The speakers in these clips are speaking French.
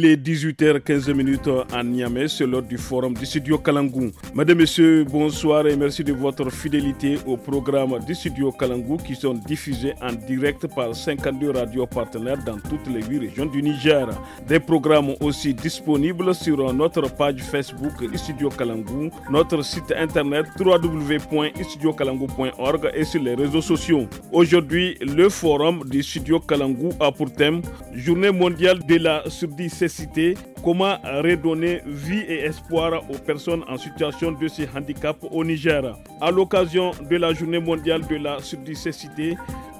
Il est 18h15 à Niamey, c'est l'heure du forum du studio Kalangou. Mesdames, Messieurs, bonsoir et merci de votre fidélité au programme du studio Kalangou qui sont diffusés en direct par 52 radios partenaires dans toutes les 8 régions du Niger. Des programmes aussi disponibles sur notre page Facebook Studio Kalangou, notre site internet www.studiokalangou.org et sur les réseaux sociaux. Aujourd'hui, le forum du studio Kalangou a pour thème Journée mondiale de la surdité cité Comment redonner vie et espoir aux personnes en situation de ce handicap au Niger À l'occasion de la Journée mondiale de la surdicécité,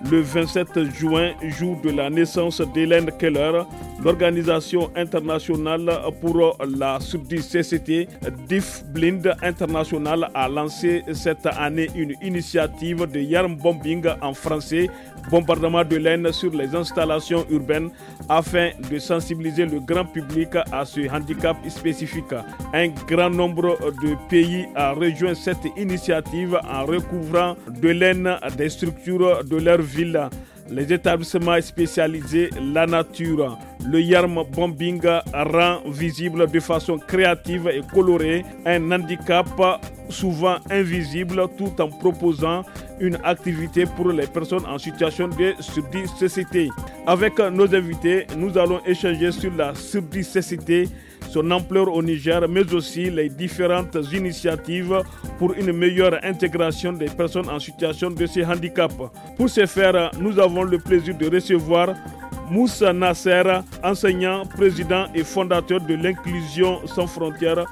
le 27 juin, jour de la naissance d'Hélène Keller, l'Organisation internationale pour la surdicécité, DIF Blind International, a lancé cette année une initiative de Yarm Bombing en français, bombardement de laine sur les installations urbaines, afin de sensibiliser le grand public à ce handicap spécifique. Un grand nombre de pays a rejoint cette initiative en recouvrant de l'aine des structures de leur ville. Les établissements spécialisés La Nature, le Yarm Bombing rend visible de façon créative et colorée un handicap souvent invisible tout en proposant une activité pour les personnes en situation de surdicécité. Avec nos invités, nous allons échanger sur la surdicécité son ampleur au Niger, mais aussi les différentes initiatives pour une meilleure intégration des personnes en situation de ces handicaps. Pour ce faire, nous avons le plaisir de recevoir Moussa Nasser, enseignant, président et fondateur de l'inclusion sans frontières.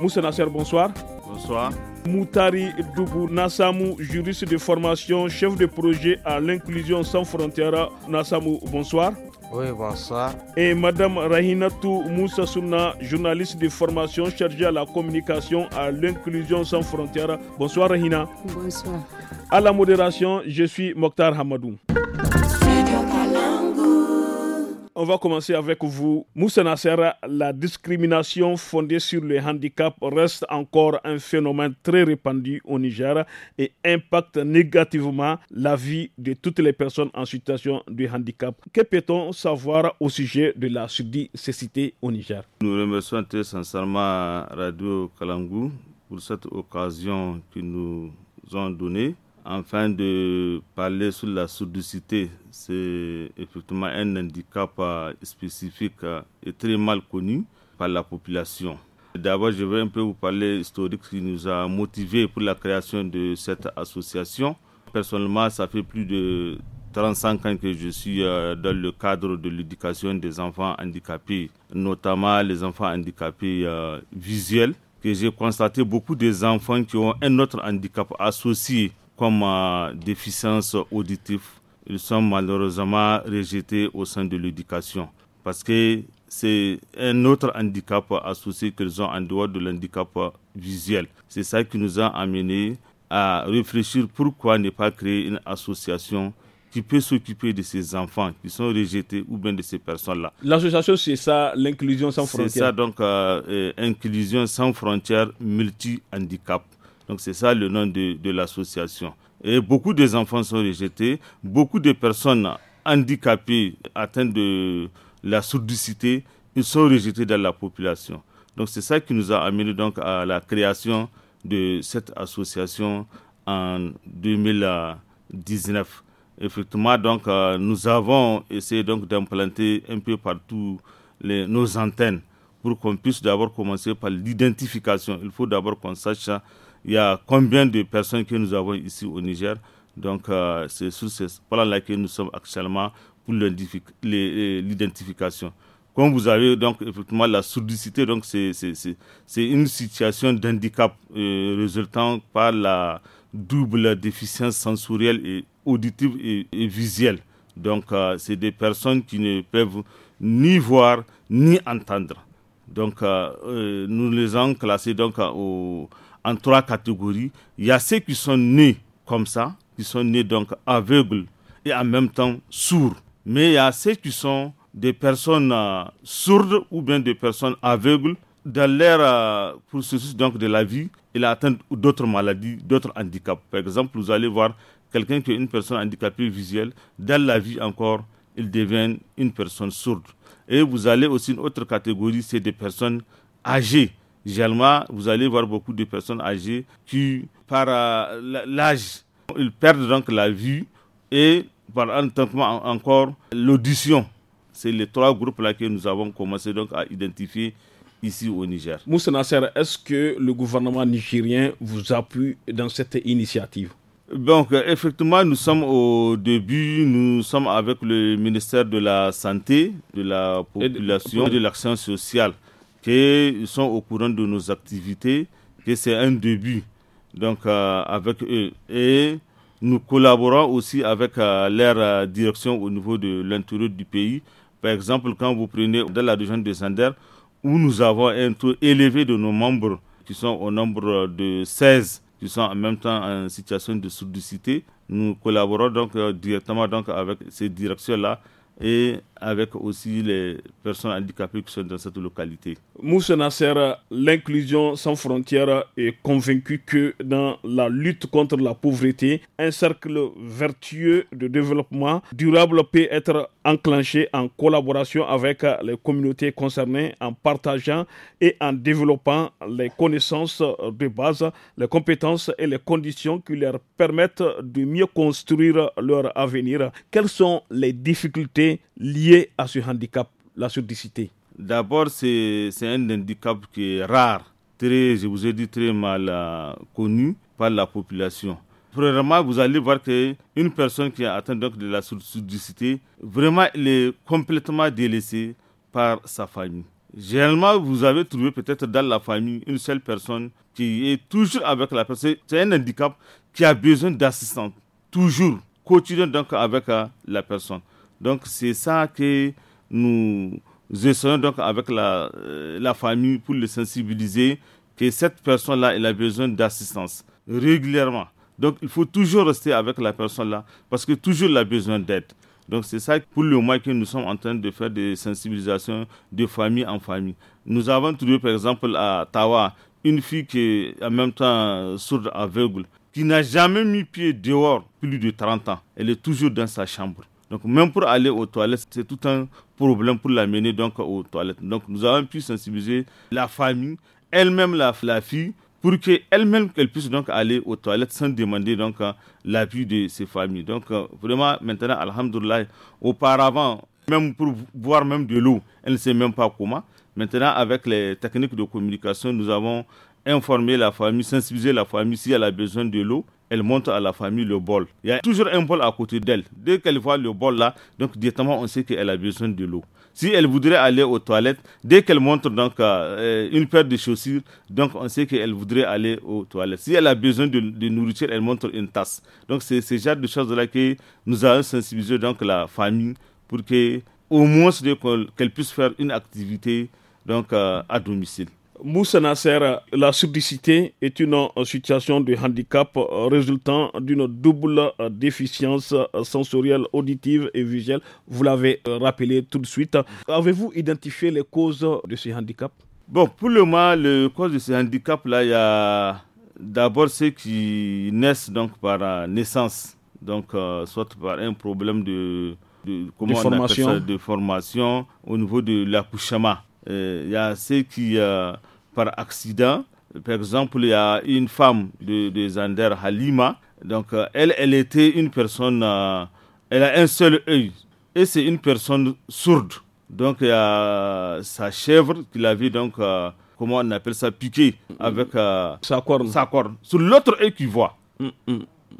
Moussa Nasser, bonsoir. Bonsoir. Moutari Doubou Nassamou, juriste de formation, chef de projet à l'inclusion sans frontières. Nassamou, bonsoir. Oui, bonsoir. Et Madame Rahinatou Moussa Souna, journaliste de formation chargée à la communication à l'inclusion sans frontières. Bonsoir Rahina. Bonsoir. À la modération, je suis Mokhtar Hamadou on va commencer avec vous. Moussa Nasser, la discrimination fondée sur le handicap reste encore un phénomène très répandu au Niger et impacte négativement la vie de toutes les personnes en situation de handicap. Que peut-on savoir au sujet de la cécité au Niger Nous remercions très sincèrement Radio Kalangou pour cette occasion qu'ils nous ont donnée Enfin, de parler sur la sourdicité, c'est effectivement un handicap euh, spécifique euh, et très mal connu par la population. D'abord, je vais un peu vous parler historique qui nous a motivés pour la création de cette association. Personnellement, ça fait plus de 35 ans que je suis euh, dans le cadre de l'éducation des enfants handicapés, notamment les enfants handicapés visuels, que j'ai constaté beaucoup des enfants qui ont un autre handicap associé comme euh, déficience auditive, ils sont malheureusement rejetés au sein de l'éducation parce que c'est un autre handicap associé qu'ils ont en dehors de l'handicap visuel. C'est ça qui nous a amenés à réfléchir pourquoi ne pas créer une association qui peut s'occuper de ces enfants qui sont rejetés ou bien de ces personnes-là. L'association, c'est ça, l'inclusion sans frontières. C'est ça, donc, euh, inclusion sans frontières multi-handicap. Donc c'est ça le nom de, l'association. Et beaucoup des enfants sont rejetés, beaucoup de personnes handicapées atteintes de la sourdicité ils sont rejetés dans la population. Donc c'est ça qui nous a amené donc à la création de cette association en 2019. Effectivement, donc euh, nous avons essayé donc d'implanter un peu partout nos antennes pour qu'on puisse d'abord commencer par l'identification. Il faut d'abord qu'on sache il y a combien de personnes que nous avons ici au Niger. Donc, euh, c'est sur ce plan-là que nous sommes actuellement pour l'identification. Comme vous avez donc effectivement la surdicité, donc c'est une situation d'handicap euh, résultant par la double déficience sensorielle et auditive et, visuelle. Donc, euh, c'est des personnes qui ne peuvent ni voir ni entendre. Donc, nous les avons classés donc au en trois catégories. Il y a ceux qui sont nés comme ça, qui sont nés donc aveugles et en même temps sourds. Mais il y a ceux qui sont des personnes euh, sourdes ou bien des personnes aveugles dans leur euh, processus donc de la vie, ils atteignent d'autres maladies, d'autres handicaps. Par exemple, vous allez voir quelqu'un qui est une personne handicapée visuelle, dans la vie encore, il devient une personne sourde. Et vous allez aussi une autre catégorie, c'est des personnes âgées Généralement, vous allez voir beaucoup de personnes âgées qui, par euh, l'âge, ils perdent donc la vue et par un encore l'audition. C'est les trois groupes-là que nous avons commencé donc à identifier ici au Niger. Moussa Nasser, est-ce que le gouvernement nigérien vous appuie dans cette initiative Donc, effectivement, nous sommes au début, nous sommes avec le ministère de la Santé, de la Population et de l'Action sociale qu'ils sont au courant de nos activités, que c'est un début donc, euh, avec eux. Et nous collaborons aussi avec euh, leur euh, direction au niveau de l'intérieur du pays. Par exemple, quand vous prenez dans la région de Sander, où nous avons un taux élevé de nos membres, qui sont au nombre de 16, qui sont en même temps en situation de sourdicité, nous collaborons donc directement donc avec ces directions-là et avec aussi les personnes handicapées qui sont dans cette localité. Moussa Nasser, l'inclusion sans frontières est convaincu que dans la lutte contre la pauvreté, un cercle vertueux de développement durable peut être enclenché en collaboration avec les communautés concernées en partageant et en développant les connaissances de base, les compétences et les conditions qui leur permettent de mieux construire leur avenir. Quelles sont les difficultés liées à ce handicap, la surdicité D'abord, c'est un handicap qui est rare, très, je vous ai dit, très mal euh, connu par la population. Premièrement, vous allez voir qu'une personne qui a atteint donc de la surdicité, vraiment, elle est complètement délaissée par sa famille. Généralement, vous avez trouvé peut-être dans la famille une seule personne qui est toujours avec la personne. C'est un handicap qui a besoin d'assistance, toujours, quotidien donc avec euh, la personne. Donc c'est ça que nous essayons donc avec euh, la, famille pour le sensibiliser que cette personne-là, elle a besoin d'assistance régulièrement. Donc il faut toujours rester avec la personne-là parce que toujours elle besoin d'aide. Donc c'est ça pour le moins que nous sommes en train de faire des sensibilisations de famille en famille. Nous avons trouvé par exemple à Tawa une fille qui est en même temps sourde aveugle qui n'a jamais mis pied dehors plus de 30 ans. Elle est toujours dans sa chambre. Donc même pour aller aux toilettes, c'est tout un problème pour l'amener donc aux toilettes. Donc nous avons pu sensibiliser la famille, elle-même la, fille, pour qu'elle-même qu'elle puisse donc aller aux toilettes sans demander donc hein, l'appui de ses familles. Donc euh, vraiment maintenant, alhamdoulilah, auparavant, même pour boire même de l'eau, elle ne sait même pas comment. Maintenant, avec les techniques de communication, nous avons informé la famille, sensibilisé la famille si elle a besoin de l'eau elle montre à la famille le bol. Il y a toujours un bol à côté d'elle. Dès qu'elle voit le bol là, donc directement on sait qu'elle a besoin de l'eau. Si elle voudrait aller aux toilettes, dès qu'elle montre donc euh, euh, une paire de chaussures, donc on sait qu'elle voudrait aller aux toilettes. Si elle a besoin de, nourriture, elle montre une tasse. Donc c'est ce genre de choses là que nous avons sensibilisé donc la famille pour que au moins qu'elle puisse faire une activité donc euh, à domicile. Moussa Nasser, la surdicité est une situation de handicap résultant d'une double déficience sensorielle, auditive et visuelle. Vous l'avez euh, rappelé tout de suite. Avez-vous identifié les causes de ce handicap Bon, pour le moment, les causes de ce handicap-là, il y a d'abord ceux qui naissent donc par euh, naissance, donc euh, soit par un problème de, de, formation. de formation au niveau de l'accouchement. Il y a ceux qui par accident. Par exemple, il y a une femme de, Zander, Halima. Donc, euh, elle, elle était une personne, euh, elle a un seul œil. Et c'est une personne sourde. Donc, il y a sa chèvre qui l'avait donc, euh, comment on appelle ça, piqué avec sa, corne. sa, Sur l'autre œil qu'il voit. Mm, mm.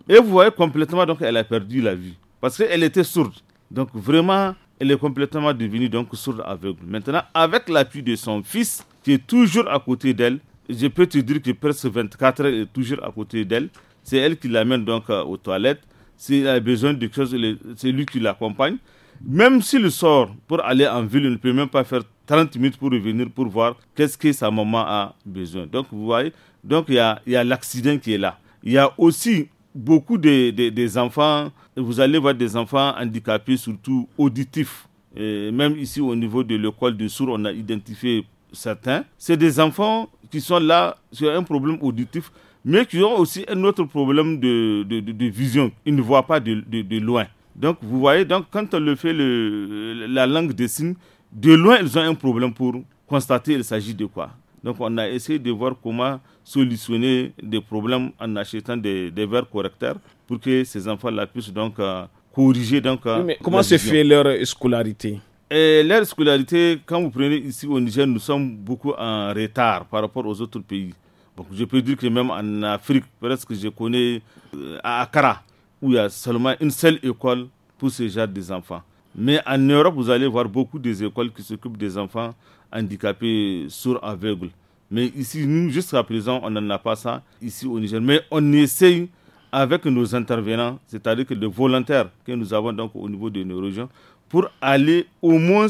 Et vous voyez complètement, donc, elle a perdu la vie, Parce qu'elle était sourde. Donc, vraiment, elle est complètement devenue donc sourde aveugle. Maintenant, avec l'appui de son fils, qui est toujours à côté d'elle, je peux te dire que presque 24 heures, est toujours à côté d'elle. C'est elle qui l'amène donc euh, aux toilettes. S'il a besoin de quelque chose, c'est lui qui l'accompagne. Même s'il sort pour aller en ville, il ne peut même pas faire 30 minutes pour revenir pour voir qu'est-ce que sa maman a besoin. Donc, vous voyez, donc il y a, y a l'accident qui est là. Il y a aussi beaucoup de, des enfants, vous allez voir des enfants handicapés, surtout auditifs. même ici au niveau de l'école de sourds, on a identifié certains. C'est des enfants qui sont là sur un problème auditif, mais qui ont aussi un autre problème de, de, vision. Ils ne voient pas de, de, loin. Donc vous voyez, donc, quand on le fait le, la langue des signes, de loin, ils ont un problème pour constater il s'agit de quoi. Donc on a essayé de voir comment solutionner des problèmes en achetant des, verres correcteurs pour que ces enfants-là puissent donc euh, corriger. Donc, euh, comment se fait leur scolarité leur scolarité, quand vous prenez ici au Niger, nous sommes beaucoup en retard par rapport aux autres pays. Donc je peux dire que même en Afrique, presque je connais euh, à Accra, où il y a seulement une seule école pour ce genre d'enfants. Mais en Europe, vous allez voir beaucoup des écoles qui s'occupent des enfants handicapés, sourds, aveugles. Mais ici, nous, jusqu'à présent, on n'en a pas ça ici au Niger. Mais on essaye avec nos intervenants, c'est-à-dire que les volontaires que nous avons donc au niveau de nos régions, pour aller au moins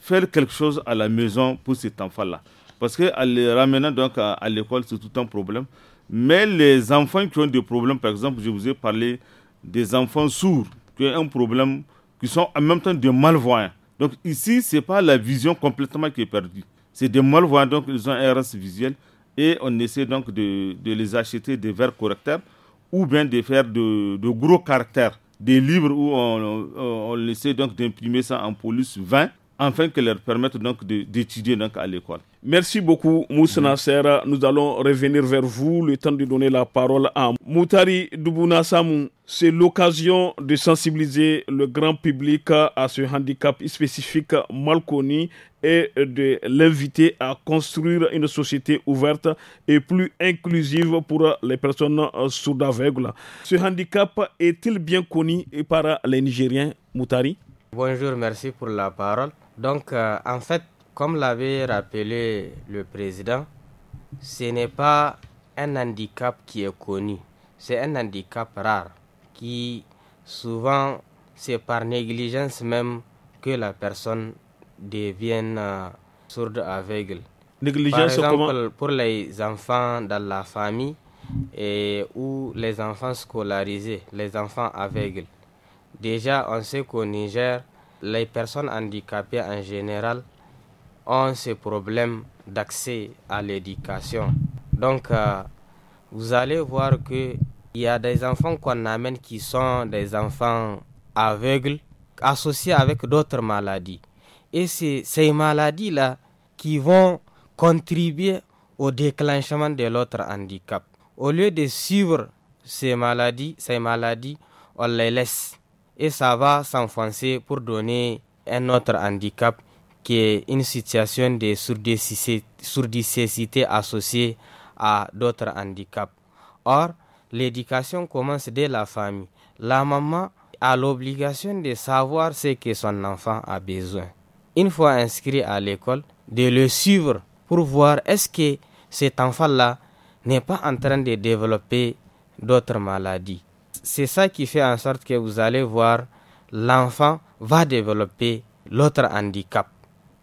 faire quelque chose à la maison pour cet enfant-là. Parce qu'en les ramener donc à l'école, c'est tout un problème. Mais les enfants qui ont des problèmes, par exemple, je vous ai parlé des enfants sourds, qui ont un problème qui sont en même temps des malvoyants. Donc ici, ce n'est pas la vision complètement qui est perdue. C'est des malvoyants, donc ils ont un RS visuel et on essaie donc de, de, les acheter des verres correcteurs ou bien de faire de, de gros caractères, des livres où on, on, on essaie donc d'imprimer ça en police 20 afin que leur permettre donc d'étudier donc à l'école. Merci beaucoup Moussa Nasser. Nous allons revenir vers vous le temps de donner la parole à Moutari Doubouna C'est l'occasion de sensibiliser le grand public à ce handicap spécifique mal connu et de l'inviter à construire une société ouverte et plus inclusive pour les personnes sourdes aveugles. Ce handicap est-il bien connu par les Nigériens, Moutari Bonjour, merci pour la parole. Donc, euh, en fait, comme l'avait rappelé le président, ce n'est pas un handicap qui est connu, c'est un handicap rare qui souvent c'est par négligence même que la personne devient euh, sourde aveugle. Négligence par exemple, pour les enfants dans la famille et ou les enfants scolarisés, les enfants aveugles. Déjà, on sait qu'au Niger, les personnes handicapées en général ont ce problème d'accès à l'éducation. Donc, euh, vous allez voir qu'il y a des enfants qu'on amène qui sont des enfants aveugles, associés avec d'autres maladies. Et c'est ces maladies-là qui vont contribuer au déclenchement de l'autre handicap. Au lieu de suivre ces maladies, ces maladies, on les laisse et ça va s'enfoncer pour donner un autre handicap qui est une situation de surdicécité associée à d'autres handicaps. Or, l'éducation commence dès la famille. La maman a l'obligation de savoir ce que son enfant a besoin. Une fois inscrit à l'école, de le suivre pour voir est-ce que cet enfant-là n'est pas en train de développer d'autres maladies c'est ça qui fait en sorte que vous allez voir l'enfant va développer l'autre handicap.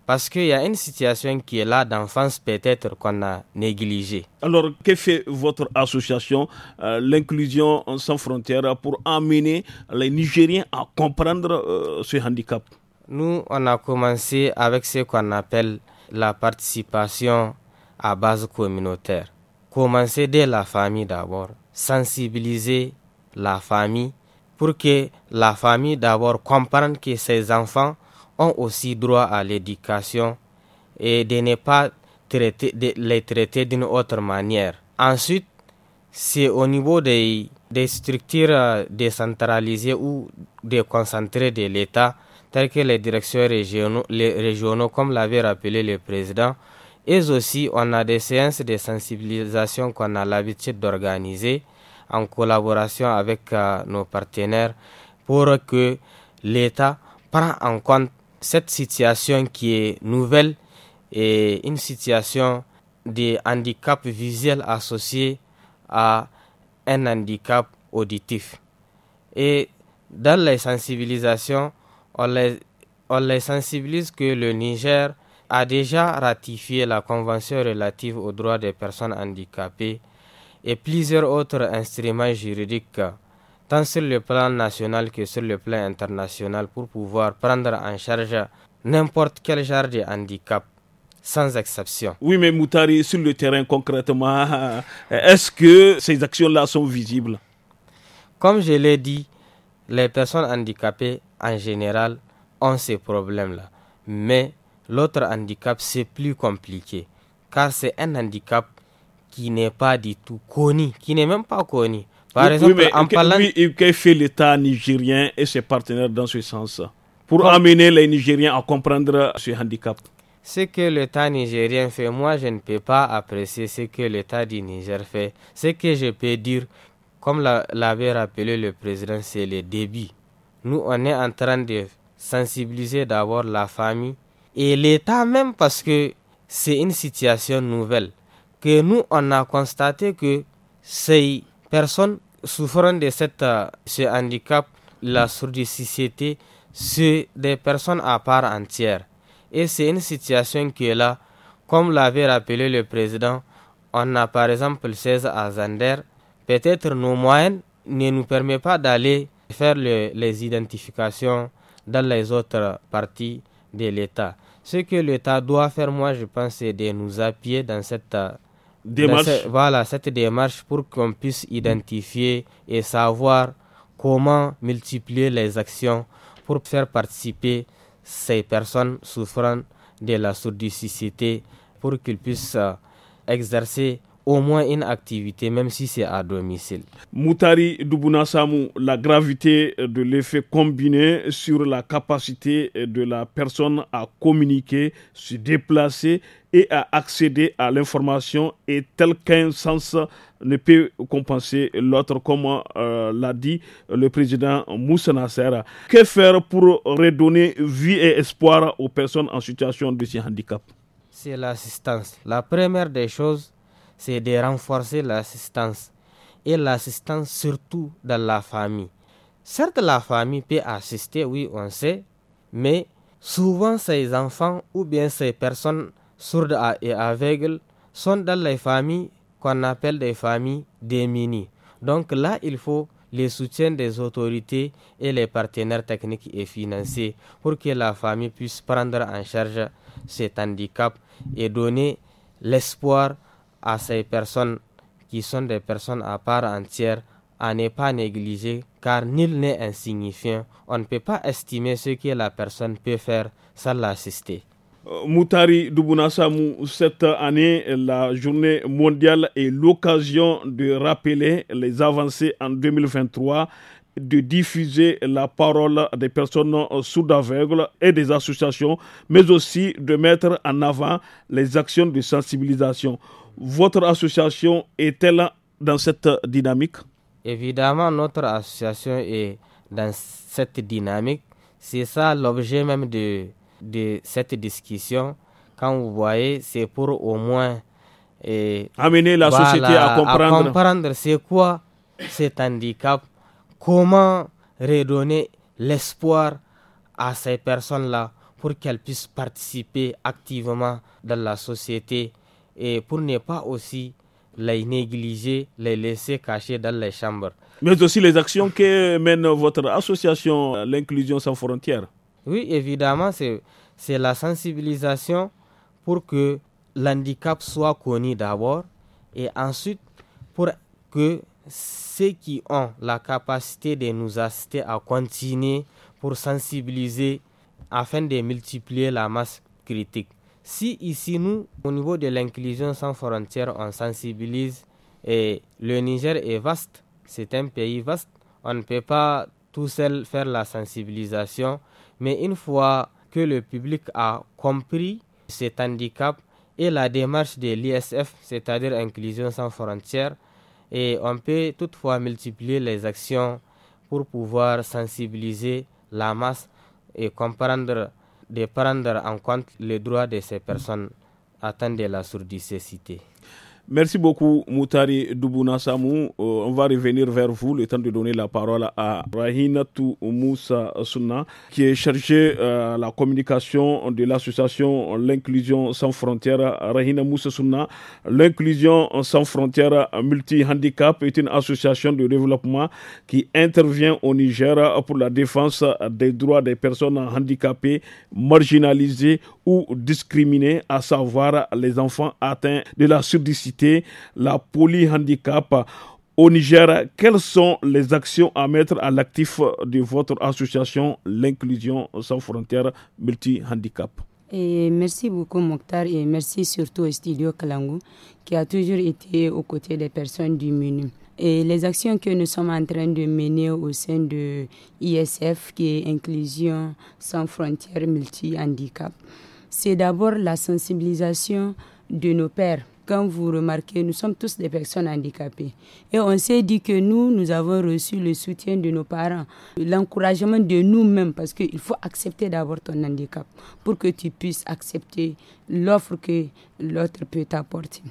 Parce qu'il y a une situation qui est là d'enfance peut-être qu'on a négligée. Alors, que fait votre association, euh, l'inclusion sans frontières, pour amener les Nigériens à comprendre euh, ce handicap Nous, on a commencé avec ce qu'on appelle la participation à base communautaire. Commencer dès la famille d'abord, sensibiliser la famille, pour que la famille d'abord comprenne que ses enfants ont aussi droit à l'éducation et de ne pas les traiter d'une autre manière. Ensuite, c'est au niveau des, structures euh, décentralisées ou déconcentrées de l'État, telles que les directions régionaux, les régionaux comme l'avait rappelé le président, et aussi on a des séances de sensibilisation qu'on a l'habitude d'organiser en collaboration avec euh, nos partenaires pour que l'État prenne en compte cette situation qui est nouvelle et une situation de handicap visuel associé à un handicap auditif. Et dans les sensibilisations, on les, on les sensibilise que le Niger a déjà ratifié la Convention relative aux droits des personnes handicapées et plusieurs autres instruments juridiques, tant sur le plan national que sur le plan international, pour pouvoir prendre en charge n'importe quel genre de handicap sans exception. Oui, mais Moutari, sur le terrain concrètement, euh, est-ce que ces actions-là sont visibles Comme je l'ai dit, les personnes handicapées en général ont ces problèmes-là. Mais l'autre handicap, c'est plus compliqué, car c'est un handicap qui n'est pas du tout connu, qui n'est même pas connu. Par exemple, oui, en que, parlant... que fait l'État nigérien et ses partenaires dans ce sens pour amener les Nigériens à comprendre ce handicap ce que l'État nigérien fait, moi je ne peux pas apprécier ce que l'État du Niger fait. Ce que je peux dire, comme l'avait rappelé le président, c'est le débit. Nous, on est en train de sensibiliser d'abord la famille et l'État même parce que c'est une situation nouvelle que nous, on a constaté que ces personnes souffrant de cette, euh, ce handicap, la surdicité, c'est des personnes à part entière. Et c'est une situation qui est là. Comme l'avait rappelé le président, on a par exemple 16 à Zander. Peut-être nos moyens ne nous permettent pas d'aller faire les identifications dans les autres parties de l'État. Ce que l'État doit faire, moi je pense, c'est de nous appuyer dans cette euh, voilà, cette démarche pour qu'on puisse identifier et savoir comment multiplier les actions pour faire participer ces personnes souffrant de la sourdicité pour qu'ils puissent euh, exercer au moins une activité, même si c'est à domicile. Moutari Doubouna Samou, la gravité de l'effet combiné sur la capacité de la personne à communiquer, se déplacer et à accéder à l'information est tel qu'un sens ne peut compenser l'autre, comme euh, l'a dit le président Moussa Nasser. Que faire pour redonner vie et espoir aux personnes en situation de handicap C'est l'assistance. La première des choses, c'est de renforcer l'assistance et l'assistance surtout dans la famille. Certes, la famille peut assister, oui, on sait, mais souvent ces enfants ou bien ces personnes sourdes et aveugles sont dans les familles qu'on appelle des familles démunies. Donc là, il faut le soutien des autorités et les partenaires techniques et financiers pour que la famille puisse prendre en charge cet handicap et donner l'espoir à ces personnes qui sont des personnes à part entière à ne pas négliger car nul n'est insignifiant. On ne peut pas estimer ce que la personne peut faire sans l'assister. Euh, Moutari Samu, cette année, la journée mondiale est l'occasion de rappeler les avancées en 2023 de diffuser la parole des personnes sourdes aveugles et des associations, mais aussi de mettre en avant les actions de sensibilisation. Votre association est-elle dans cette dynamique Évidemment, notre association est dans cette dynamique. C'est ça l'objet même de, de cette discussion. Quand vous voyez, c'est pour au moins eh, amener la société à comprendre, à comprendre c'est quoi cet handicap, comment redonner l'espoir à ces personnes-là pour qu'elles puissent participer activement dans la société et pour ne pas aussi les négliger, les laisser cacher dans les chambres. Mais aussi les actions que mène votre association, l'inclusion sans frontières. Oui, évidemment, c'est la sensibilisation pour que l'handicap soit connu d'abord et ensuite pour que ceux qui ont la capacité de nous assister à continuer pour sensibiliser afin de multiplier la masse critique. Si ici, nous, au niveau de l'inclusion sans frontières, on sensibilise et le Niger est vaste, c'est un pays vaste, on ne peut pas tout seul faire la sensibilisation, mais une fois que le public a compris cet handicap et la démarche de l'ISF, c'est-à-dire Inclusion sans frontières, et on peut toutefois multiplier les actions pour pouvoir sensibiliser la masse et comprendre de prendre en compte les droits de ces personnes atteintes de la surdicécité. Merci beaucoup, Moutari Doubouna euh, on va revenir vers vous, le temps de donner la parole à Rahina Moussa Sunna, qui est chargé de euh, la communication de l'association L'Inclusion sans frontières. Rahina Moussa Sunna, l'Inclusion sans frontières multi-handicap est une association de développement qui intervient au Niger pour la défense des droits des personnes handicapées, marginalisées ou discriminées, à savoir les enfants atteints de la surdicité la polyhandicap. Au Niger, quelles sont les actions à mettre à l'actif de votre association, l'inclusion sans frontières multi-handicap et merci beaucoup Mokhtar et merci surtout au studio Kalangu qui a toujours été aux côtés des personnes du menu. Et les actions que nous sommes en train de mener au sein de ISF, qui est Inclusion sans frontières multi-handicap, c'est d'abord la sensibilisation de nos pères comme vous remarquez, nous sommes tous des personnes handicapées. Et on s'est dit que nous, nous avons reçu le soutien de nos parents, l'encouragement de nous-mêmes, parce qu'il faut accepter d'abord ton handicap pour que tu puisses accepter l'offre que l'autre peut t'apporter.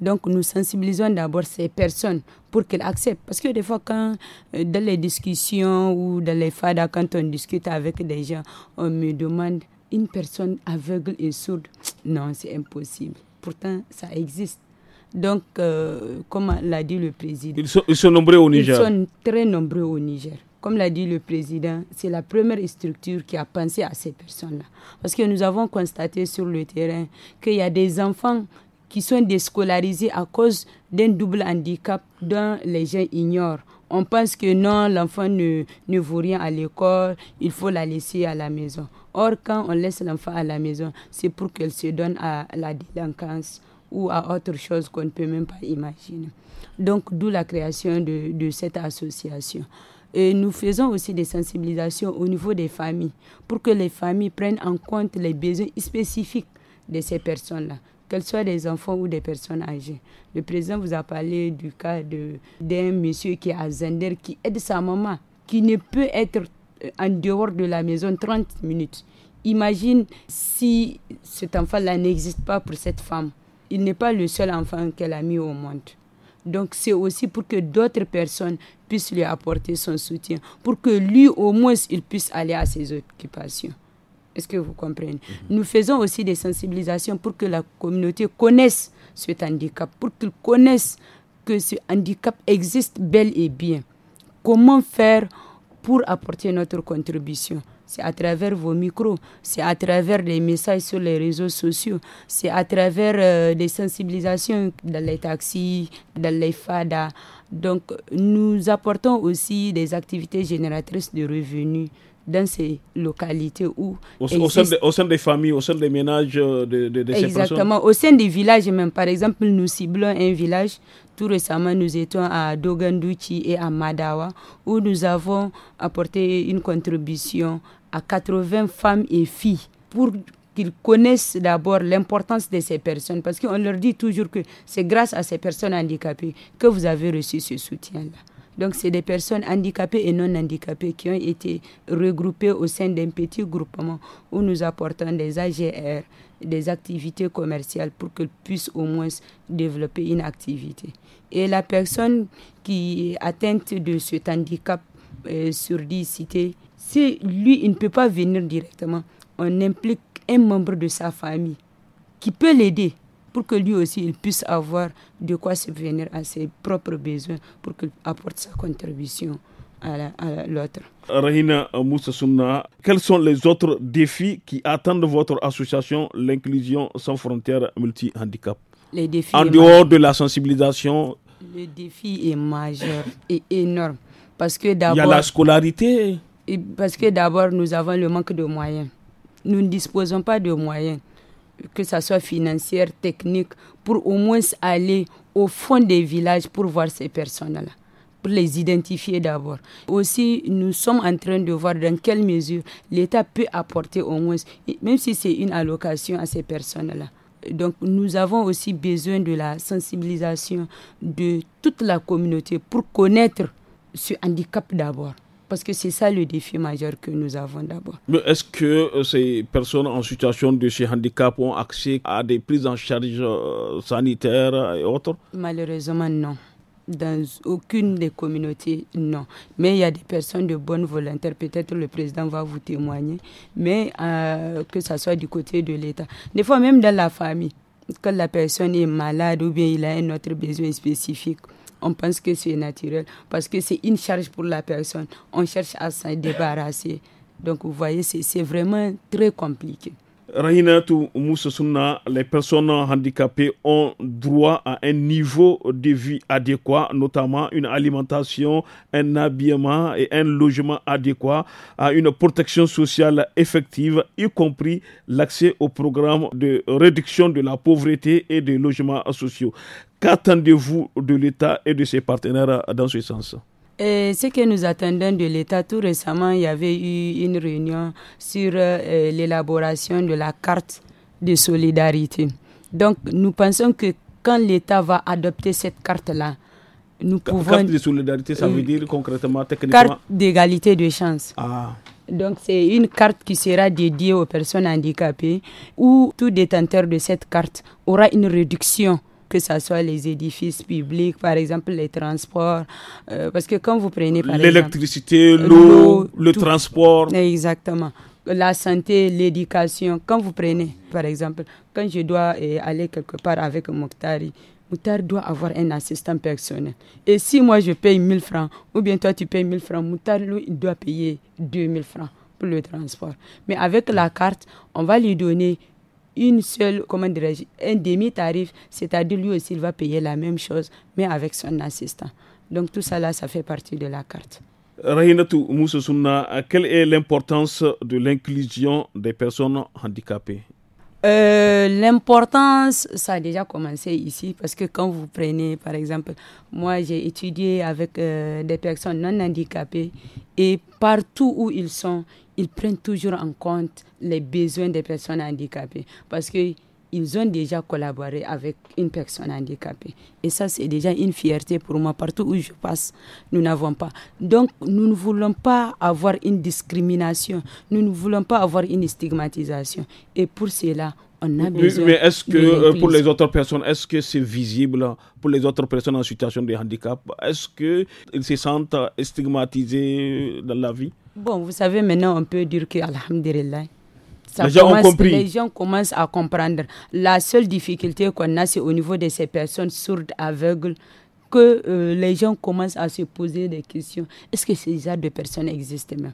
Donc, nous sensibilisons d'abord ces personnes pour qu'elles acceptent. Parce que des fois, quand, euh, dans les discussions ou dans les fadas, quand on discute avec des gens, on me demande une personne aveugle et sourde. Non, c'est impossible pourtant ça existe. Donc, euh, comme l'a dit le président. Ils sont, ils sont, nombreux au Niger. Ils sont très nombreux au Niger. Comme l'a dit le président, c'est la première structure qui a pensé à ces personnes-là. Parce que nous avons constaté sur le terrain qu'il y a des enfants qui sont déscolarisés à cause d'un double handicap dont les gens ignorent on pense que non, l'enfant ne, vaut rien à l'école, il faut la laisser à la maison. Or, quand on laisse l'enfant à la maison, c'est pour qu'elle se donne à la délinquance ou à autre chose qu'on ne peut même pas imaginer. Donc, d'où la création de, de cette association. Et nous faisons aussi des sensibilisations au niveau des familles pour que les familles prennent en compte les besoins spécifiques de ces personnes-là qu'elles soient des enfants ou des personnes âgées. Le président vous a parlé du cas d'un monsieur qui est à Zender, qui aide sa maman, qui ne peut être euh, en dehors de la maison 30 minutes. Imagine si cet enfant-là n'existe pas pour cette femme. Il n'est pas le seul enfant qu'elle a mis au monde. Donc c'est aussi pour que d'autres personnes puissent lui apporter son soutien, pour que lui au moins il puisse aller à ses occupations. Est-ce que vous comprenez Nous faisons aussi des sensibilisations pour que la communauté connaisse ce handicap, pour qu'ils connaissent que ce handicap existe bel et bien. Comment faire pour apporter notre contribution C'est à travers vos micros, c'est à travers les messages sur les réseaux sociaux, c'est à travers des euh, sensibilisations dans les taxis, dans les fadas. Donc, nous apportons aussi des activités génératrices de revenus dans ces localités où... Au, sein, des familles, au sein des ménages euh, de, ces personnes Exactement, au sein des villages même. Par exemple, nous ciblons un village. Tout récemment, nous étions à Doganduchi et à Madawa, où nous avons apporté une contribution à 80 femmes et filles pour qu'ils connaissent d'abord l'importance de ces personnes, parce qu'on leur dit toujours que c'est grâce à ces personnes handicapées que vous avez reçu ce soutien-là. Donc, c'est des personnes handicapées et non handicapées qui ont été regroupées au sein d'un petit groupement où nous apportons des AGR, des activités commerciales pour qu'elles puissent au moins développer une activité. Et la personne qui est atteinte de cet handicap euh, surdité, si lui, il ne peut pas venir directement, on implique un membre de sa famille qui peut l'aider pour que lui aussi il puisse avoir de quoi subvenir à ses propres besoins pour qu'il apporte sa contribution à l'autre. Rahina Moussa quels sont les autres défis qui attendent votre association, l'inclusion sans frontières multi-handicap Les défis. En dehors de la sensibilisation. Le défi est majeur et énorme. Parce que d'abord. Il y a la scolarité. Parce que d'abord, nous avons le manque de moyens. Nous ne disposons pas de moyens que ce soit financière, technique, pour au moins aller au fond des villages pour voir ces personnes-là pour les identifier d'abord. Aussi, nous sommes en train de voir dans quelle mesure l'État peut apporter au moins, même si c'est une allocation à ces personnes-là. Donc, nous avons aussi besoin de la sensibilisation de toute la communauté pour connaître ce handicap d'abord. Parce que c'est ça le défi majeur que nous avons d'abord. Mais est-ce que euh, ces personnes en situation de handicap ont accès à des prises en charge euh, sanitaires et autres Malheureusement, non dans aucune des communautés, non. Mais il y a des personnes de bonne volonté, peut-être le président va vous témoigner, mais euh, que ça soit du côté de l'État. Des fois, même dans la famille, quand la personne est malade ou bien il a un autre besoin spécifique, on pense que c'est naturel parce que c'est une charge pour la personne. On cherche à s'en débarrasser. Donc vous voyez, c'est vraiment très compliqué. Moussa Toumoussouna, les personnes handicapées ont droit à un niveau de vie adéquat, notamment une alimentation, un habillement et un logement adéquat, à une protection sociale effective, y compris l'accès au programme de réduction de la pauvreté et des logements sociaux. Qu'attendez-vous de l'État et de ses partenaires dans ce sens euh, ce que nous attendons de l'État, tout récemment, il y avait eu une réunion sur euh, l'élaboration de la carte de solidarité. Donc, nous pensons que quand l'État va adopter cette carte-là, nous pouvons... Carte de solidarité, ça euh, veut dire concrètement, techniquement... Carte d'égalité de chance. Ah. Donc, c'est une carte qui sera dédiée aux personnes handicapées où tout détenteur de cette carte aura une réduction que ce soit les édifices publics, par exemple les transports. Euh, parce que quand vous prenez par L'électricité, l'eau, le transport. Exactement la santé, l'éducation. Quand vous prenez, par exemple, quand je dois eh, aller quelque part avec Mokhtari, Moutari doit avoir un assistant personnel. Et si moi je paye 1000 francs, ou bien toi tu payes 1000 francs, Moutari, lui, il doit payer 2000 francs pour le transport. Mais avec la carte, on va lui donner une seule, comment dirais un demi-tarif, c'est-à-dire lui aussi, il va payer la même chose, mais avec son assistant. Donc tout ça là, ça fait partie de la carte. Rahinatou Moussouna, quelle est l'importance de l'inclusion des personnes handicapées euh, l'importance, ça a déjà commencé ici parce que quand vous prenez, par exemple, moi j'ai étudié avec euh, des personnes non handicapées et partout où ils sont, ils prennent toujours en compte les besoins des personnes handicapées parce que ils ont déjà collaboré avec une personne handicapée. Et ça, c'est déjà une fierté pour moi. Partout où je passe, nous n'avons pas. Donc, nous ne voulons pas avoir une discrimination. Nous ne voulons pas avoir une stigmatisation. Et pour cela, on a besoin. Mais est-ce que euh, pour les autres personnes, est-ce que c'est visible pour les autres personnes en situation de handicap Est-ce qu'ils se sentent stigmatisés dans la vie Bon, vous savez, maintenant, on peut dire que, Alhamdulillah, les, gens commencent à comprendre. La seule difficulté qu'on a, c'est au niveau de ces personnes sourdes, aveugles, que euh, les gens commencent à se poser des questions. Est-ce que ces personnes existent même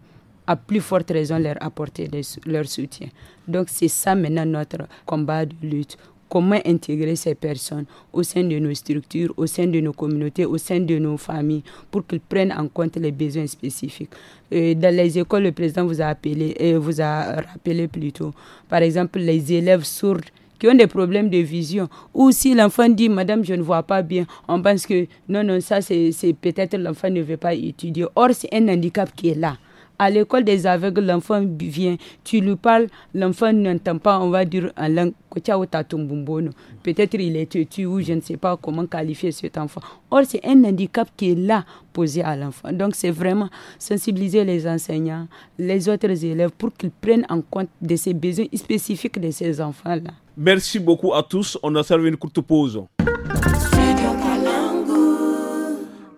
à plus forte raison leur apporter leur soutien. Donc c'est ça maintenant notre combat de lutte comment intégrer ces personnes au sein de nos structures, au sein de nos communautés, au sein de nos familles, pour qu'ils prennent en compte les besoins spécifiques. Euh, dans les écoles, le président vous a appelé, euh, vous a rappelé plutôt, par exemple, les élèves sourds qui ont des problèmes de vision, ou si l'enfant dit, Madame, je ne vois pas bien, on pense que non, non, ça, c'est peut-être l'enfant ne veut pas étudier. Or, c'est un handicap qui est là à l'école des aveugles, l'enfant vient, tu lui parles, l'enfant n'entend pas, on va dire en langue, peut-être il est têtu ou je ne sais pas comment qualifier cet enfant. Or, c'est un handicap qui est là, posé à l'enfant. Donc, c'est vraiment sensibiliser les enseignants, les autres élèves, pour qu'ils prennent en compte de ces besoins spécifiques de ces enfants-là. Merci beaucoup à tous. On a servi une courte pause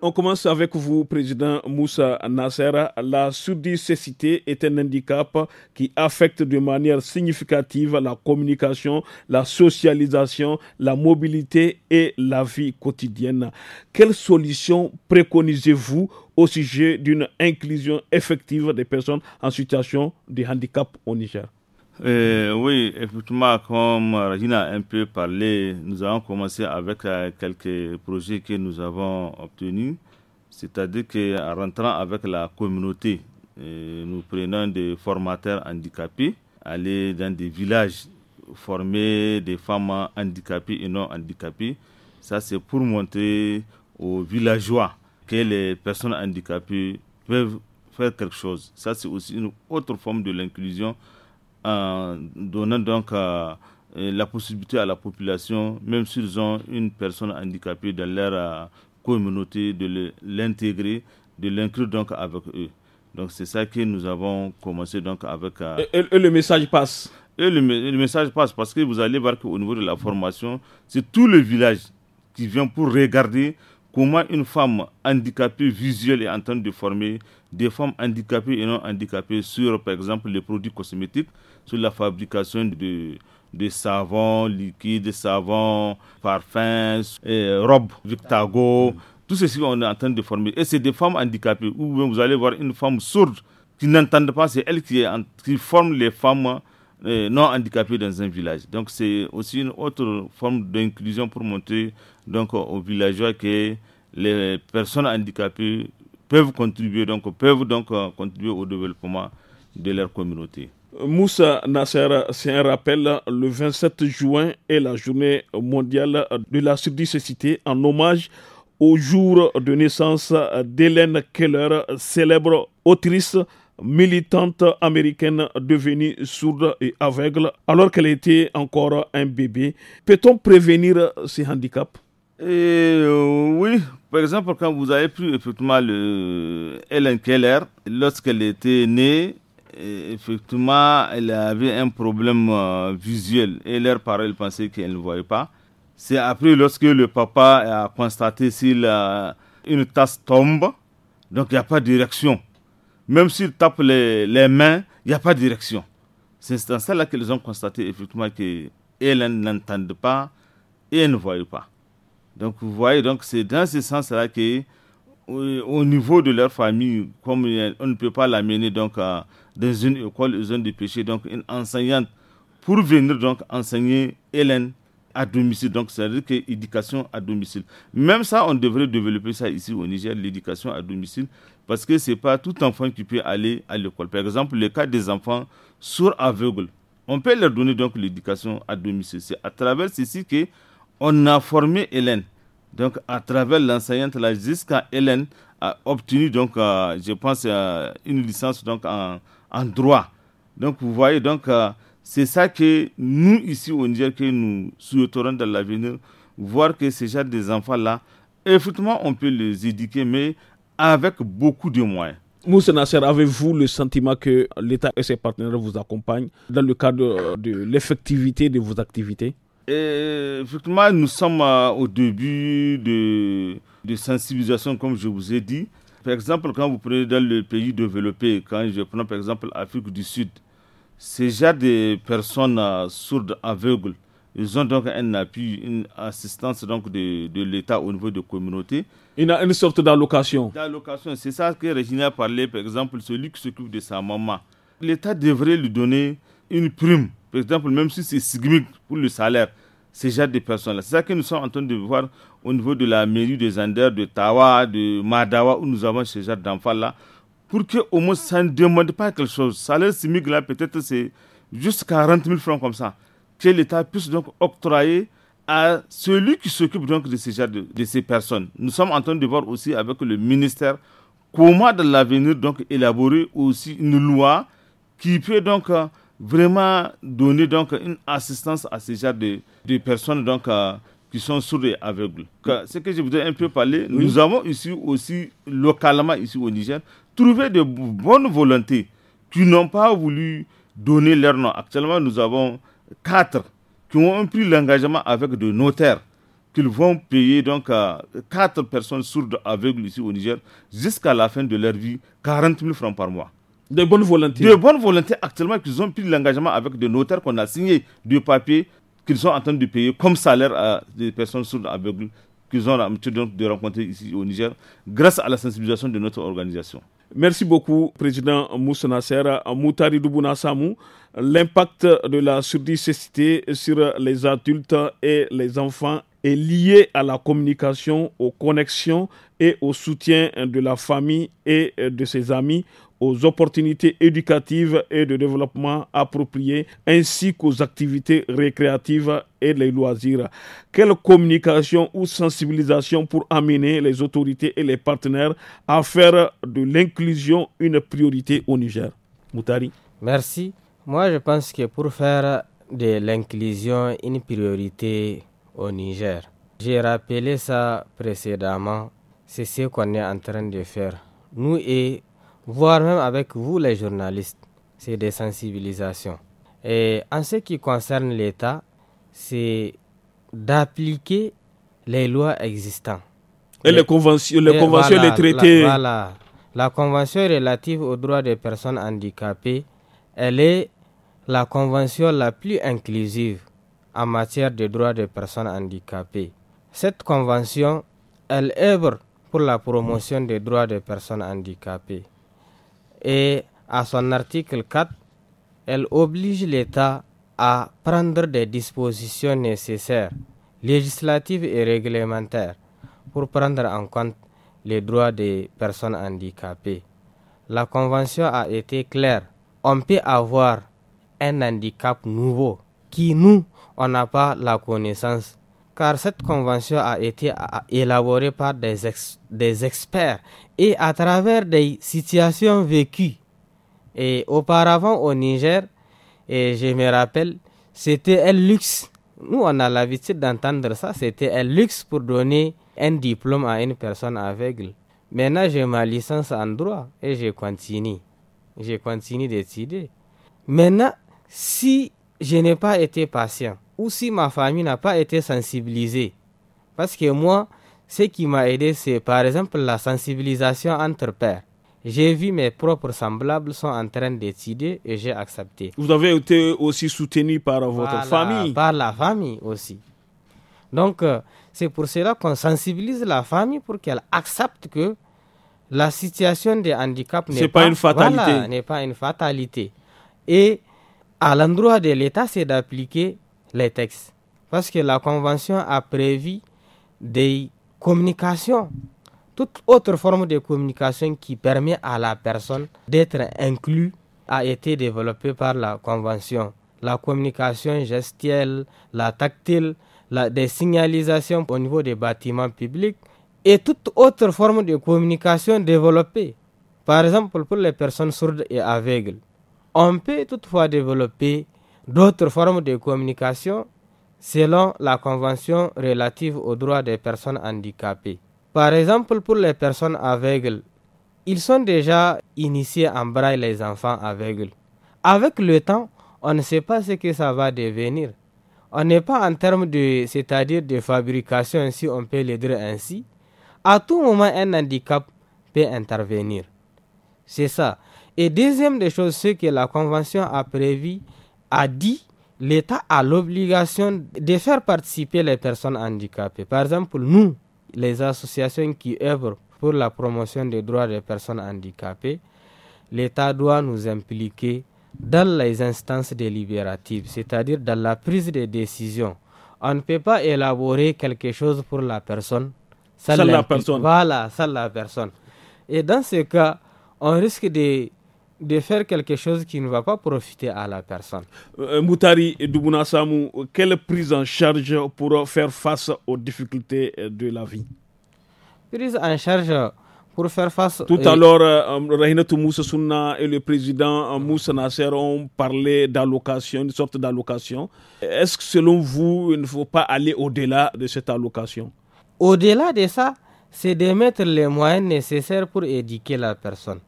on commence avec vous, Président Moussa Nasser. La surdicécité est un handicap qui affecte de manière significative la communication, la socialisation, la mobilité et la vie quotidienne. Quelles solutions préconisez-vous au sujet d'une inclusion effective des personnes en situation de handicap au Niger oui, effectivement, comme Regina a un peu parlé, nous avons commencé avec euh, quelques projets que nous avons obtenus, c'est-à-dire qu'en rentrant avec la communauté, euh, nous prenons des formateurs handicapés, aller dans des villages, former des femmes handicapées et non handicapées. Ça, c'est pour montrer aux villageois que les personnes handicapées peuvent faire quelque chose. Ça, c'est aussi une autre forme de l'inclusion en donnant donc euh, euh, la possibilité à la population, même s'ils ont une personne handicapée dans leur euh, communauté, de l'intégrer, de l'inclure donc avec eux. Donc c'est ça que nous avons commencé donc avec. Et, le message passe. Et le, message passe parce que vous allez voir qu'au niveau de la formation, c'est tout le village qui vient pour regarder comment une femme handicapée visuelle est en train de former des femmes handicapées et non handicapées sur, par exemple, les produits cosmétiques, sur la fabrication de, de savons liquides, savons, parfums, robes, Victago. Tout ceci, on est en train de former. Et c'est des femmes handicapées, où vous allez voir une femme sourde qui n'entend pas, c'est elle qui, qui forme les femmes euh, non handicapés dans un village. Donc c'est aussi une autre forme d'inclusion pour montrer donc aux villageois que les personnes handicapées peuvent contribuer donc peuvent donc euh, contribuer au développement de leur communauté. Moussa Nasser, c'est un rappel, le 27 juin est la journée mondiale de la surdicacité en hommage au jour de naissance d'Hélène Keller, célèbre autrice militante américaine devenue sourde et aveugle alors qu'elle était encore un bébé. Peut-on prévenir ces handicaps eh, euh, oui, par exemple, quand vous avez pris effectivement le Helen Keller, lorsqu'elle était née, eh, effectivement, elle avait un problème euh, visuel. Et par elle pensait qu'elle ne voyait pas. C'est après, lorsque le papa a constaté s'il une tasse tombe, donc il n'y a pas de direction même s'ils tapent les, mains, il n'y a pas de direction. C'est dans cela qu'ils ont constaté effectivement Helen n'entendent pas et ne voient pas. Donc vous voyez, donc c'est dans ce sens-là que euh, au niveau de leur famille, comme on ne peut pas l'amener dans une école, une zone de péché, donc une enseignante pour venir donc enseigner Hélène à domicile. Donc, c'est-à-dire que éducation à domicile. Même ça, on devrait développer ça ici au Niger, l'éducation à domicile. Parce que ce n'est pas tout enfant qui peut aller à l'école. Par exemple, le cas des enfants sourds aveugles. On peut leur donner donc l'éducation à domicile. C'est à travers ceci que on a formé Hélène. Donc, à travers l'enseignante là, jusqu'à Hélène a obtenu donc, euh, je pense, euh, une licence donc en, droit. Donc, vous voyez donc. Euh, c'est ça que nous, ici on Niger, que nous souhaiterons dans l'avenir, voir que ces gens des enfants-là, effectivement, on peut les éduquer, mais avec beaucoup de moyens. Moussa Nasser, avez-vous le sentiment que l'État et ses partenaires vous accompagnent dans le cadre euh, de l'effectivité de vos activités et Effectivement, nous sommes euh, au début de, de sensibilisation, comme je vous ai dit. Par exemple, quand vous prenez dans le pays développé, quand je prends par exemple l'Afrique du Sud, c'est déjà des personnes euh, sourdes, aveugles, ils ont donc un appui, une assistance donc de, de l'État au niveau de communauté. Il a une sorte d'allocation. D'allocation, c'est ça que Régina a parlé, par exemple, celui qui s'occupe de sa maman. L'État devrait lui donner une prime, par exemple, même si c'est sigmique pour le salaire, ces genre de personnes-là. C'est ça que nous sommes en train de voir au niveau de la mairie de Zander, de Tawa, de Madawa, où nous avons ces genre d'enfants-là, pour qu'au moins ça ne demande pas quelque chose. Salaire sigmique, là, peut-être c'est juste 40 000 francs comme ça que l'État puisse donc octroyer à celui qui s'occupe donc de ces, ces personnes. Nous sommes en train de voir aussi avec le ministère comment de l'avenir donc élaborer aussi une loi qui peut donc euh, vraiment donner donc une assistance à ces gens de, personnes donc euh, qui sont sourdes et aveugles. ce que je voudrais un peu parler, nous avons ici aussi localement ici au Niger trouvé de bonnes volontés qui n'ont pas voulu donner leur nom. Actuellement, nous avons quatre qui ont pris l'engagement avec des notaires qu'ils vont payer donc à euh, quatre personnes sourdes aveugles ici au Niger jusqu'à la fin de leur vie 40 000 francs par mois. De bonnes volontés. De bonnes volontés actuellement qu'ils ont pris l'engagement avec des notaires qu'on a signé du papier qu'ils sont en train de payer comme salaire à des personnes sourdes aveugles qu'ils ont l'habitude de rencontrer ici au Niger grâce à la sensibilisation de notre organisation. Merci beaucoup, Président Moussa Nasser, Moutari Doubouna Samou. L'impact de la surdicacité sur les adultes et les enfants est lié à la communication, aux connexions et au soutien de la famille et de ses amis, aux opportunités éducatives et de développement appropriées, ainsi qu'aux activités récréatives et les loisirs. Quelle communication ou sensibilisation pour amener les autorités et les partenaires à faire de l'inclusion une priorité au Niger Moutari. Merci. Moi, je pense que pour faire de l'inclusion une priorité au Niger, j'ai rappelé ça précédemment, c'est ce qu'on est en train de faire. Nous et voire même avec vous les journalistes, c'est des sensibilisations. Et en ce qui concerne l'État, c'est d'appliquer les lois existantes. Et les conventions, les, conventions, les traités. La, voilà. La convention relative aux droits des personnes handicapées, elle est la convention la plus inclusive en matière de droits des personnes handicapées. Cette convention, elle œuvre pour la promotion des droits des personnes handicapées. Et à son article 4, elle oblige l'État à prendre des dispositions nécessaires, législatives et réglementaires, pour prendre en compte les droits des personnes handicapées. La Convention a été claire. On peut avoir un handicap nouveau qui nous, on n'a pas la connaissance. Car cette convention a été élaborée par des, des experts et à travers des situations vécues. Et auparavant au Niger, et je me rappelle, c'était un luxe. Nous, on a l'habitude d'entendre ça, c'était un luxe pour donner un diplôme à une personne aveugle. Maintenant, j'ai ma licence en droit et je continue. Je continue d'étudier. Maintenant, si je n'ai pas été patient ou si ma famille n'a pas été sensibilisée, parce que moi, ce qui m'a aidé, c'est par exemple la sensibilisation entre pères. J'ai vu mes propres semblables sont en train d'étudier et j'ai accepté. Vous avez été aussi soutenu par votre famille Par la famille aussi. Donc, euh, c'est pour cela qu'on sensibilise la famille pour qu'elle accepte que la situation des handicap n'est pas, une fatalité. n'est pas une fatalité. Et à l'endroit de l'État, c'est d'appliquer les textes. Parce que la Convention a prévu des communications, toute autre forme de communication qui permet à la personne d'être inclue a été développée par la Convention. La communication gestuelle, la tactile, la, des signalisations au niveau des bâtiments publics et toute autre forme de communication développée. Par exemple, pour les personnes sourdes et aveugles on peut toutefois développer d'autres formes de communication selon la Convention relative aux droits des personnes handicapées. Par exemple, pour les personnes aveugles, ils sont déjà initiés en braille les enfants aveugles. Avec le temps, on ne sait pas ce que ça va devenir. On n'est pas en termes de, cest de fabrication, si on peut les dire ainsi. À tout moment, un handicap peut intervenir. C'est ça. Et deuxième des choses, ce que la Convention a prévu, a dit, l'État a l'obligation de faire participer les personnes handicapées. Par exemple, nous, les associations qui œuvrent pour la promotion des droits des personnes handicapées, l'État doit nous impliquer dans les instances délibératives, c'est-à-dire dans la prise de décision. On ne peut pas élaborer quelque chose pour la personne. Sans la personne. Voilà, sans la personne. Et dans ce cas, on risque de de faire quelque chose qui ne va pas profiter à la personne. Euh, Moutari Dubuna Samou, quelle prise en charge pour faire face aux difficultés de la vie Prise en charge pour faire face. Tout à l'heure, euh, et le président euh, Moussa ont parlé d'allocation, une sorte d'allocation. Est-ce que selon vous, il ne faut pas aller au-delà de cette allocation Au-delà de ça, c'est de mettre les moyens nécessaires pour éduquer la personne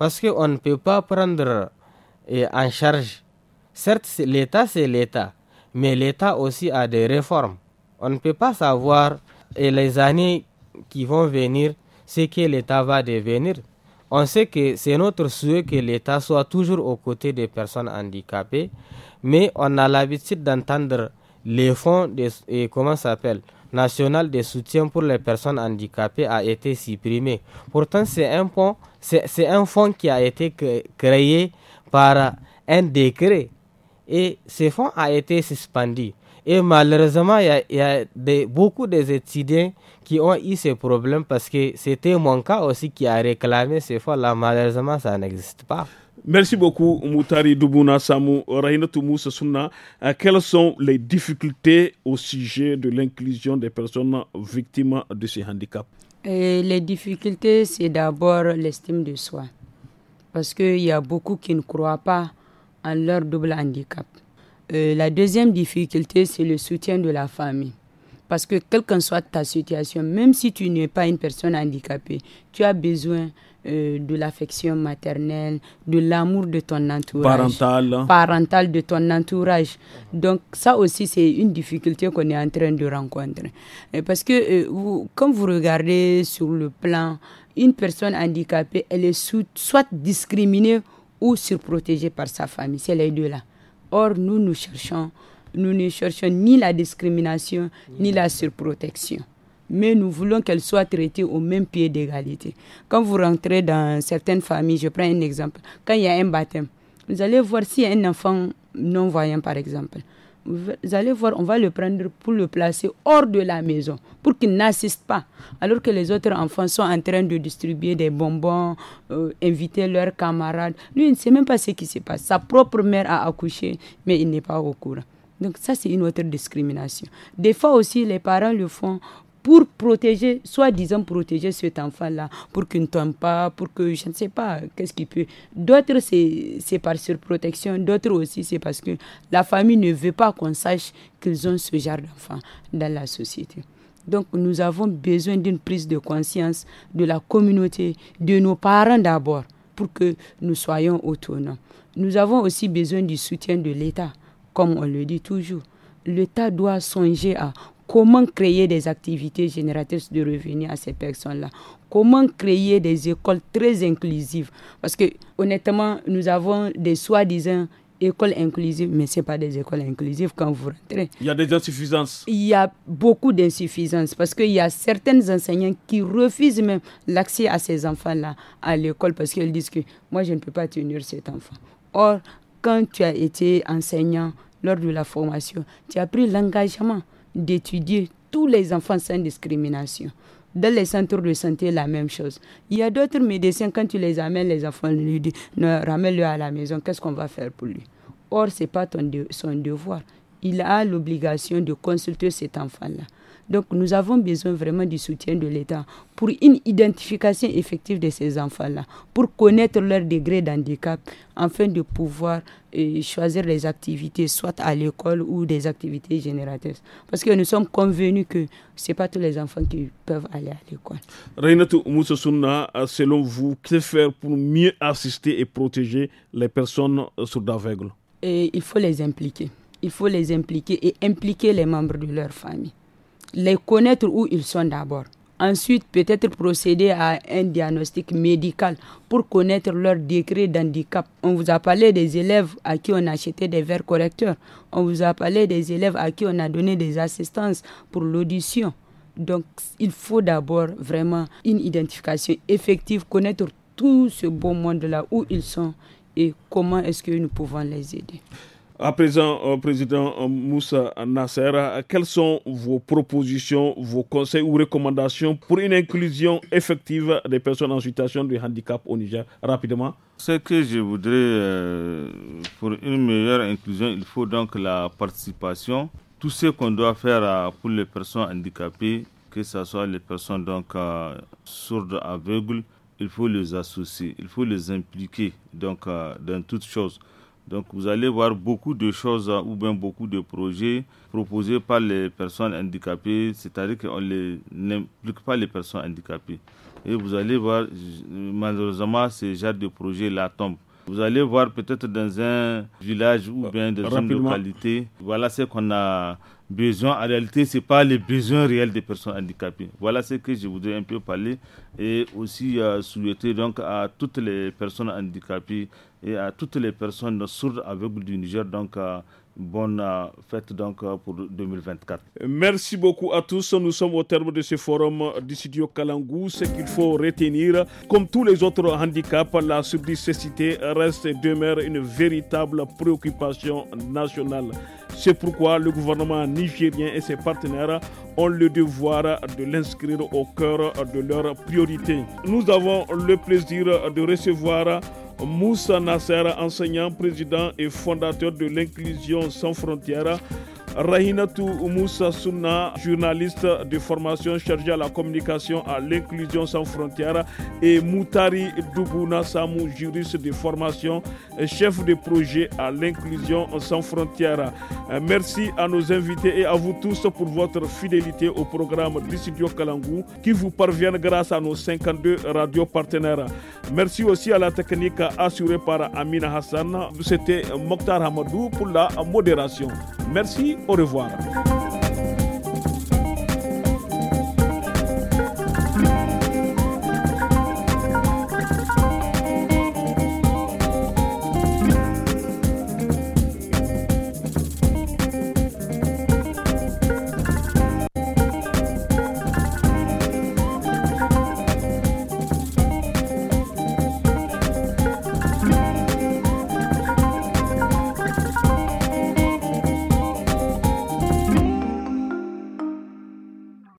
parce qu'on ne peut pas prendre eh, en charge. Certes, l'État, c'est l'État, mais l'État aussi a des réformes. On ne peut pas savoir et eh, les années qui vont venir ce que l'État va devenir. On sait que c'est notre souhait que l'État soit toujours aux côtés des personnes handicapées, mais on a l'habitude d'entendre les fonds, et eh, comment s'appelle, national de soutien pour les personnes handicapées a été supprimé. Pourtant, c'est un, un, fonds qui a été créé par un décret et ce fonds a été suspendu. Et malheureusement, il y a, beaucoup de, beaucoup d'étudiants qui ont eu ce problème parce que c'était mon cas aussi qui a réclamé ce fonds-là. Malheureusement, ça n'existe pas. Merci beaucoup, Moutari Doubouna Samou, Rahinatou Moussa Souna. Euh, quelles sont les difficultés au sujet de l'inclusion des personnes victimes de ces handicaps euh, Les difficultés, c'est d'abord l'estime de soi. Parce qu'il y a beaucoup qui ne croient pas en leur double handicap. Euh, la deuxième difficulté, c'est le soutien de la famille. Parce que quelle que soit ta situation, même si tu n'es pas une personne handicapée, tu as besoin euh, de l'affection maternelle, de l'amour de ton entourage. Parental. Parental de ton entourage. Donc ça aussi, c'est une difficulté qu'on est en train de rencontrer. Euh, parce que euh, comme vous, quand vous regardez sur le plan, une personne handicapée, elle est soit discriminée ou surprotégée par sa famille. C'est les deux-là. Or, nous, nous cherchons, nous ne cherchons ni la discrimination, ni la surprotection mais nous voulons qu'elles soient traitées au même pied d'égalité. Quand vous rentrez dans certaines familles, je prends un exemple, quand il y a un baptême, vous allez voir s'il y a un enfant non-voyant, par exemple, vous allez voir, on va le prendre pour le placer hors de la maison, pour qu'il n'assiste pas. Alors que les autres enfants sont en train de distribuer des bonbons, euh, inviter leurs camarades. Lui, il ne sait même pas ce qui se passe. Sa propre mère a accouché, mais il n'est pas au courant. Donc ça, c'est une autre discrimination. Des fois aussi, les parents le font pour protéger, soi-disant protéger cet enfant-là, pour qu'il ne tombe pas, pour que je ne sais pas qu'est-ce qu'il peut. D'autres, c'est par surprotection, d'autres aussi, c'est parce que la famille ne veut pas qu'on sache qu'ils ont ce genre d'enfant dans la société. Donc, nous avons besoin d'une prise de conscience de la communauté, de nos parents d'abord, pour que nous soyons autonomes. Nous avons aussi besoin du soutien de l'État, comme on le dit toujours l'État doit songer à comment créer des activités génératrices de revenus à ces personnes-là Comment créer des écoles très inclusives Parce que honnêtement, nous avons des soi-disant écoles inclusives, mais ce n'est pas des écoles inclusives quand vous rentrez. Il y a des insuffisances. Il y a beaucoup d'insuffisances parce qu'il y a certains enseignants qui refusent même l'accès à ces enfants-là à l'école parce qu'ils disent que moi, je ne peux pas tenir cet enfant. Or, quand tu as été enseignant lors de la formation, tu as pris l'engagement d'étudier tous les enfants sans discrimination. Dans les centres de santé, la même chose. Il y a d'autres médecins, quand tu les amènes, les enfants lui disent Ramène-le à la maison, qu'est-ce qu'on va faire pour lui Or, ce n'est pas son devoir. Il a l'obligation de consulter cet enfant-là. Donc nous avons besoin vraiment du soutien de l'État pour une identification effective de ces enfants-là, pour connaître leur degré d'handicap, afin de pouvoir euh, choisir les activités, soit à l'école ou des activités génératrices. Parce que nous sommes convenus que ce n'est pas tous les enfants qui peuvent aller à l'école. Reinatou Moussouna, euh, selon vous, que faire pour mieux assister et protéger les personnes euh, sourdes aveugles Il faut les impliquer. Il faut les impliquer et impliquer les membres de leur famille les connaître où ils sont d'abord. Ensuite, peut-être procéder à un diagnostic médical pour connaître leur degré d'handicap. On vous a parlé des élèves à qui on a acheté des verres correcteurs. On vous a parlé des élèves à qui on a donné des assistances pour l'audition. Donc, il faut d'abord vraiment une identification effective, connaître tout ce beau monde-là, où ils sont et comment est-ce que nous pouvons les aider. À présent, euh, Président euh, Moussa Nasser, quelles sont vos propositions, vos conseils ou recommandations pour une inclusion effective des personnes en situation de handicap au Niger Rapidement. Ce que je voudrais, euh, pour une meilleure inclusion, il faut donc la participation. Tout ce qu'on doit faire pour les personnes handicapées, que ce soit les personnes donc, sourdes, aveugles, il faut les associer, il faut les impliquer donc, dans toutes choses. Donc vous allez voir beaucoup de choses hein, ou bien beaucoup de projets proposés par les personnes handicapées, c'est-à-dire qu'on n'implique pas les personnes handicapées. Et vous allez voir, malheureusement, ce genre de projets-là tombe. Vous allez voir peut-être dans un village ou bien dans une localité, voilà ce qu'on a besoin. En réalité, ce n'est pas les besoins réels des personnes handicapées. Voilà ce que je voudrais un peu parler et aussi euh, souhaiter donc à toutes les personnes handicapées et à toutes les personnes sourdes aveugles du Niger. Donc, euh, bonne euh, fête donc euh, pour 2024. Merci beaucoup à tous. Nous sommes au terme de ce forum du studio Kalangou. Ce qu'il faut retenir, comme tous les autres handicaps, la subdicécité reste et demeure une véritable préoccupation nationale. C'est pourquoi le gouvernement nigérien et ses partenaires ont le devoir de l'inscrire au cœur de leurs priorités. Nous avons le plaisir de recevoir Moussa Nasser, enseignant, président et fondateur de l'inclusion sans frontières, Rahinatou Moussa Souna, journaliste de formation chargée à la communication à l'inclusion sans frontières, et Moutari Doubouna Samou, juriste de formation, chef de projet à l'inclusion sans frontières. Merci à nos invités et à vous tous pour votre fidélité au programme du Kalangou qui vous parvient grâce à nos 52 radios partenaires. Merci aussi à la technique assurée par Amina Hassan. C'était Mokhtar Hamadou pour la modération. Merci au revoir.